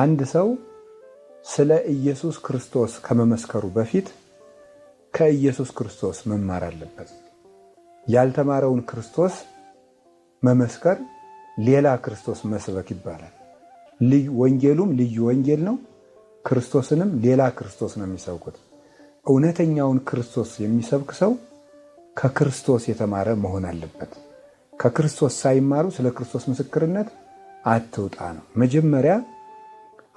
አንድ ሰው ስለ ኢየሱስ ክርስቶስ ከመመስከሩ በፊት ከኢየሱስ ክርስቶስ መማር አለበት። ያልተማረውን ክርስቶስ መመስከር ሌላ ክርስቶስ መስበክ ይባላል። ወንጌሉም ልዩ ወንጌል ነው። ክርስቶስንም ሌላ ክርስቶስ ነው የሚሰብኩት። እውነተኛውን ክርስቶስ የሚሰብክ ሰው ከክርስቶስ የተማረ መሆን አለበት። ከክርስቶስ ሳይማሩ ስለ ክርስቶስ ምስክርነት አትውጣ ነው መጀመሪያ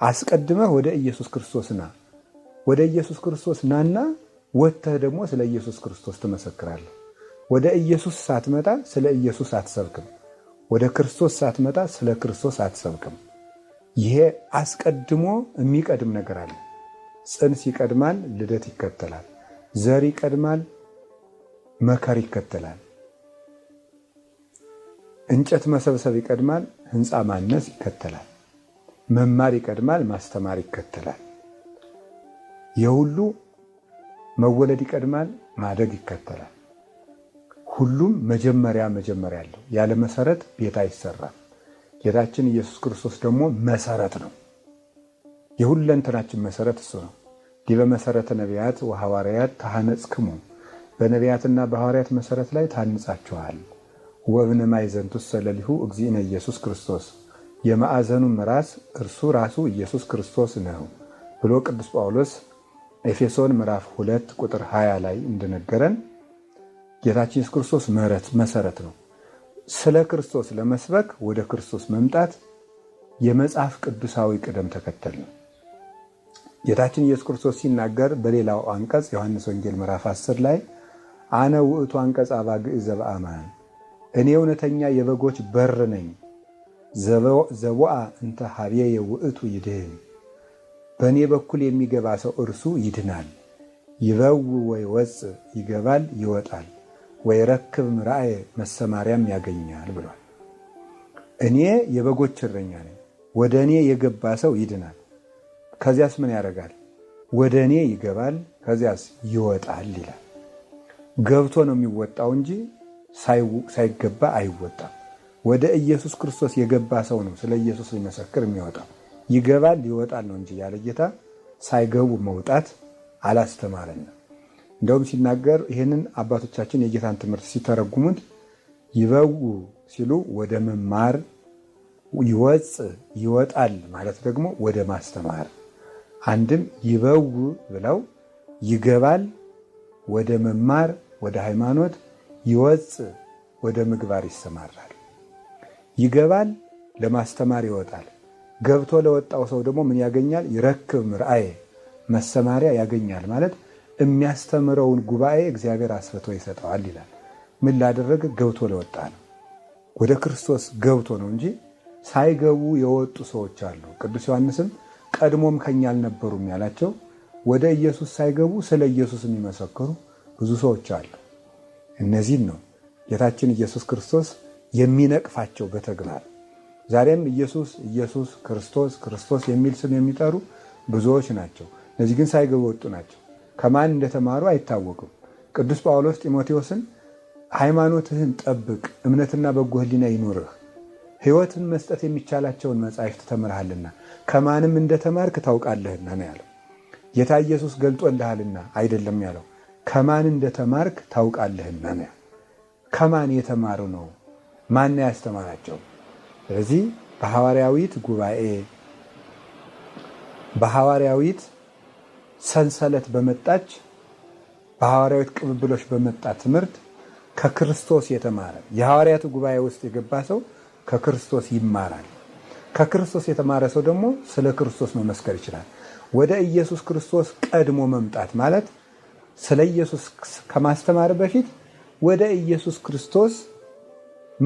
አስቀድመህ ወደ ኢየሱስ ክርስቶስ ና። ወደ ኢየሱስ ክርስቶስ ናና ወጥተህ ደግሞ ስለ ኢየሱስ ክርስቶስ ትመሰክራለህ። ወደ ኢየሱስ ሳትመጣ ስለ ኢየሱስ አትሰብክም። ወደ ክርስቶስ ሳትመጣ ስለ ክርስቶስ አትሰብክም። ይሄ አስቀድሞ የሚቀድም ነገር አለ። ጽንስ ይቀድማል፣ ልደት ይከተላል። ዘር ይቀድማል፣ መከር ይከተላል። እንጨት መሰብሰብ ይቀድማል፣ ህንፃ ማነስ ይከተላል። መማር ይቀድማል፣ ማስተማር ይከተላል። የሁሉ መወለድ ይቀድማል፣ ማደግ ይከተላል። ሁሉም መጀመሪያ መጀመሪያ አለው። ያለ መሰረት ቤት አይሰራም። ጌታችን ኢየሱስ ክርስቶስ ደግሞ መሰረት ነው። የሁለንተናችን መሰረት እሱ ነው። ዲበ መሰረተ ነቢያት ወሐዋርያት ተሐነጽክሙ፣ በነቢያትና በሐዋርያት መሰረት ላይ ታንጻችኋል። ወብነ ማይዘንቱ ሰለሊሁ እግዚእነ ኢየሱስ ክርስቶስ የማዕዘኑም ራስ እርሱ ራሱ ኢየሱስ ክርስቶስ ነው ብሎ ቅዱስ ጳውሎስ ኤፌሶን ምዕራፍ 2 ቁጥር 20 ላይ እንደነገረን ጌታችን ኢየሱስ ክርስቶስ ምሕረት መሰረት ነው። ስለ ክርስቶስ ለመስበክ ወደ ክርስቶስ መምጣት የመጽሐፍ ቅዱሳዊ ቅደም ተከተል ነው። ጌታችን ኢየሱስ ክርስቶስ ሲናገር በሌላው አንቀጽ ዮሐንስ ወንጌል ምዕራፍ 10 ላይ አነ ውእቱ አንቀጽ አባግዕ ዘበአማን፣ እኔ እውነተኛ የበጎች በር ነኝ ዘቦአ እንተ ሀቤየ ውእቱ ይድህን፣ በእኔ በኩል የሚገባ ሰው እርሱ ይድናል። ይበው ወይ ወፅ ይገባል ይወጣል፣ ወይ ረክብ ምርአየ መሰማሪያም ያገኛል ብሏል። እኔ የበጎች እረኛ ነኝ፣ ወደ እኔ የገባ ሰው ይድናል። ከዚያስ ምን ያደርጋል? ወደ እኔ ይገባል፣ ከዚያስ ይወጣል ይላል። ገብቶ ነው የሚወጣው እንጂ ሳይገባ አይወጣም። ወደ ኢየሱስ ክርስቶስ የገባ ሰው ነው ስለ ኢየሱስ ሊመሰክር የሚወጣው። ይገባል ይወጣል ነው እንጂ ያለ ጌታ ሳይገቡ መውጣት አላስተማረንም። እንደውም ሲናገር ይህንን አባቶቻችን የጌታን ትምህርት ሲተረጉሙት ይበው ሲሉ ወደ መማር ይወፅ ይወጣል ማለት ደግሞ ወደ ማስተማር አንድም ይበው ብለው ይገባል ወደ መማር ወደ ሃይማኖት ይወፅ ወደ ምግባር ይሰማራል። ይገባል፣ ለማስተማር ይወጣል። ገብቶ ለወጣው ሰው ደግሞ ምን ያገኛል? ይረክብ ምርአይ መሰማሪያ ያገኛል ማለት የሚያስተምረውን ጉባኤ እግዚአብሔር አስፍቶ ይሰጠዋል ይላል። ምን ላደረገ? ገብቶ ለወጣ ነው። ወደ ክርስቶስ ገብቶ ነው እንጂ ሳይገቡ የወጡ ሰዎች አሉ። ቅዱስ ዮሐንስም ቀድሞም ከኛ አልነበሩም ያላቸው ወደ ኢየሱስ ሳይገቡ ስለ ኢየሱስ የሚመሰክሩ ብዙ ሰዎች አሉ። እነዚህን ነው ጌታችን ኢየሱስ ክርስቶስ የሚነቅፋቸው በተግባር ዛሬም ኢየሱስ ኢየሱስ ክርስቶስ ክርስቶስ የሚል ስም የሚጠሩ ብዙዎች ናቸው። እነዚህ ግን ሳይገቡ ወጡ ናቸው። ከማን እንደተማሩ አይታወቅም። ቅዱስ ጳውሎስ ጢሞቴዎስን ሃይማኖትህን ጠብቅ፣ እምነትና በጎ ሕሊና ይኑርህ፣ ሕይወትን መስጠት የሚቻላቸውን መጻሕፍት ተምርሃልና ከማንም እንደተማርክ ታውቃለህና ነው ያለው። ጌታ ኢየሱስ ገልጦልሃልና አይደለም ያለው፣ ከማን እንደተማርክ ታውቃለህና ነው። ከማን የተማሩ ነው ማን ያስተማራቸው? ስለዚህ በሐዋርያዊት ጉባኤ በሐዋርያዊት ሰንሰለት በመጣች በሐዋርያዊት ቅብብሎች በመጣ ትምህርት ከክርስቶስ የተማረ የሐዋርያቱ ጉባኤ ውስጥ የገባ ሰው ከክርስቶስ ይማራል። ከክርስቶስ የተማረ ሰው ደግሞ ስለ ክርስቶስ መመስከር ይችላል። ወደ ኢየሱስ ክርስቶስ ቀድሞ መምጣት ማለት ስለ ኢየሱስ ከማስተማር በፊት ወደ ኢየሱስ ክርስቶስ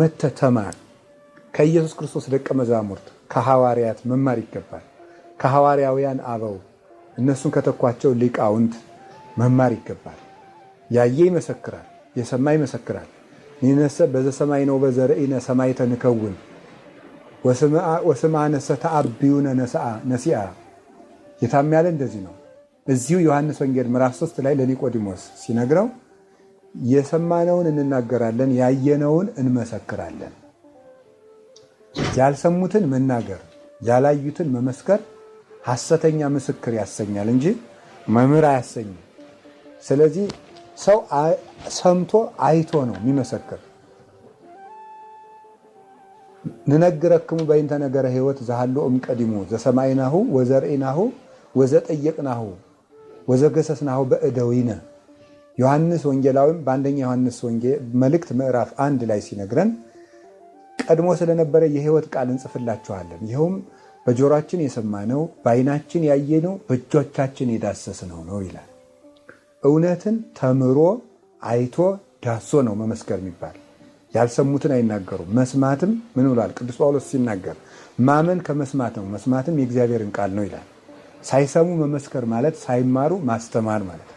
መተ ተማር። ከኢየሱስ ክርስቶስ ደቀ መዛሙርት ከሐዋርያት መማር ይገባል። ከሐዋርያውያን አበው እነሱን ከተኳቸው ሊቃውንት መማር ይገባል። ያየ ይመሰክራል፣ የሰማ ይመሰክራል። ይነሰ በዘሰማይ ነው በዘርኢነ ሰማይ ተንከውን ወስማ ነሰ ተአብዩነ ነሲአ ጌታም ያለ እንደዚህ ነው። እዚሁ ዮሐንስ ወንጌል ምዕራፍ 3 ላይ ለኒቆዲሞስ ሲነግረው የሰማነውን እንናገራለን፣ ያየነውን እንመሰክራለን። ያልሰሙትን መናገር፣ ያላዩትን መመስከር ሐሰተኛ ምስክር ያሰኛል እንጂ መምህር አያሰኝ። ስለዚህ ሰው ሰምቶ አይቶ ነው የሚመሰክር። ንነግረክሙ በይንተ ነገረ ሕይወት ዘሃሎ እምቀዲሙ ዘሰማይናሁ ወዘርኢናሁ ወዘጠየቅናሁ ወዘገሰስናሁ በእደዊነ ዮሐንስ ወንጌላዊም በአንደኛ ዮሐንስ ወንጌል መልእክት ምዕራፍ አንድ ላይ ሲነግረን ቀድሞ ስለነበረ የህይወት ቃል እንጽፍላችኋለን ይኸውም በጆሮአችን የሰማነው በአይናችን ያየነው በእጆቻችን የዳሰስነው ነው ይላል። እውነትን ተምሮ አይቶ ዳሶ ነው መመስከር የሚባል። ያልሰሙትን አይናገሩም። መስማትም ምን ብሏል ቅዱስ ጳውሎስ ሲናገር ማመን ከመስማት ነው፣ መስማትም የእግዚአብሔርን ቃል ነው ይላል። ሳይሰሙ መመስከር ማለት ሳይማሩ ማስተማር ማለት ነው።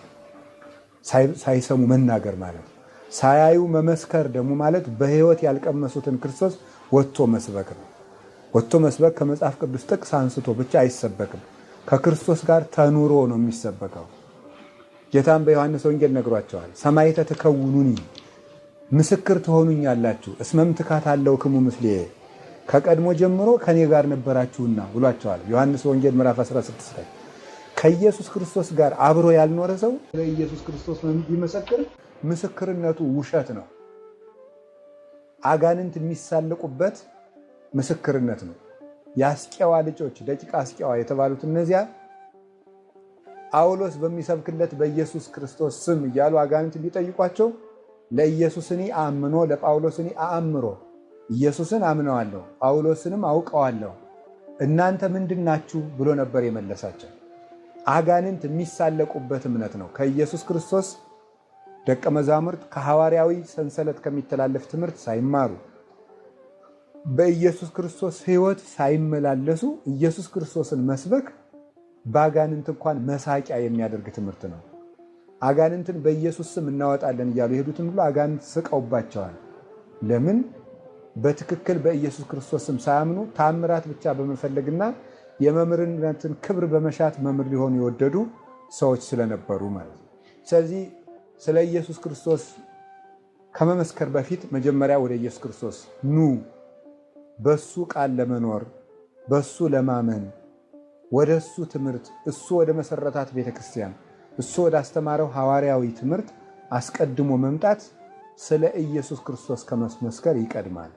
ሳይሰሙ መናገር ማለት ነው። ሳያዩ መመስከር ደግሞ ማለት በህይወት ያልቀመሱትን ክርስቶስ ወጥቶ መስበክ ነው። ወጥቶ መስበክ ከመጽሐፍ ቅዱስ ጥቅስ አንስቶ ብቻ አይሰበክም። ከክርስቶስ ጋር ተኑሮ ነው የሚሰበከው። ጌታም በዮሐንስ ወንጌል ነግሯቸዋል። ሰማይ ትከውኑኒ ምስክር ትሆኑኛላችሁ፣ እስመም ትካት አለው ክሙ ምስሌ ከቀድሞ ጀምሮ ከኔ ጋር ነበራችሁና ብሏቸዋል። ዮሐንስ ወንጌል ምዕራፍ 16 ላይ ከኢየሱስ ክርስቶስ ጋር አብሮ ያልኖረ ሰው ለኢየሱስ ክርስቶስ ቢመሰክር ምስክርነቱ ውሸት ነው። አጋንንት የሚሳለቁበት ምስክርነት ነው። የአስቄዋ ልጆች ደቂቀ አስቄዋ የተባሉት እነዚያ ጳውሎስ በሚሰብክለት በኢየሱስ ክርስቶስ ስም እያሉ አጋንንት ቢጠይቋቸው ለኢየሱስኒ አምኖ ለጳውሎስኒ አእምሮ ኢየሱስን አምነዋለሁ ጳውሎስንም አውቀዋለሁ እናንተ ምንድናችሁ ናችሁ ብሎ ነበር የመለሳቸው። አጋንንት የሚሳለቁበት እምነት ነው። ከኢየሱስ ክርስቶስ ደቀ መዛሙርት ከሐዋርያዊ ሰንሰለት ከሚተላለፍ ትምህርት ሳይማሩ በኢየሱስ ክርስቶስ ሕይወት ሳይመላለሱ ኢየሱስ ክርስቶስን መስበክ በአጋንንት እንኳን መሳቂያ የሚያደርግ ትምህርት ነው። አጋንንትን በኢየሱስ ስም እናወጣለን እያሉ የሄዱትን ሁሉ አጋንንት ስቀውባቸዋል። ለምን? በትክክል በኢየሱስ ክርስቶስ ስም ሳያምኑ ታምራት ብቻ በመፈለግና የመምህርነትን ክብር በመሻት መምህር ሊሆኑ የወደዱ ሰዎች ስለነበሩ ማለት ነው። ስለዚህ ስለ ኢየሱስ ክርስቶስ ከመመስከር በፊት መጀመሪያ ወደ ኢየሱስ ክርስቶስ ኑ፣ በሱ ቃል ለመኖር በሱ ለማመን ወደ እሱ ትምህርት እሱ ወደ መሰረታት ቤተክርስቲያን እሱ ወደ አስተማረው ሐዋርያዊ ትምህርት አስቀድሞ መምጣት ስለ ኢየሱስ ክርስቶስ ከመስመስከር ይቀድማል።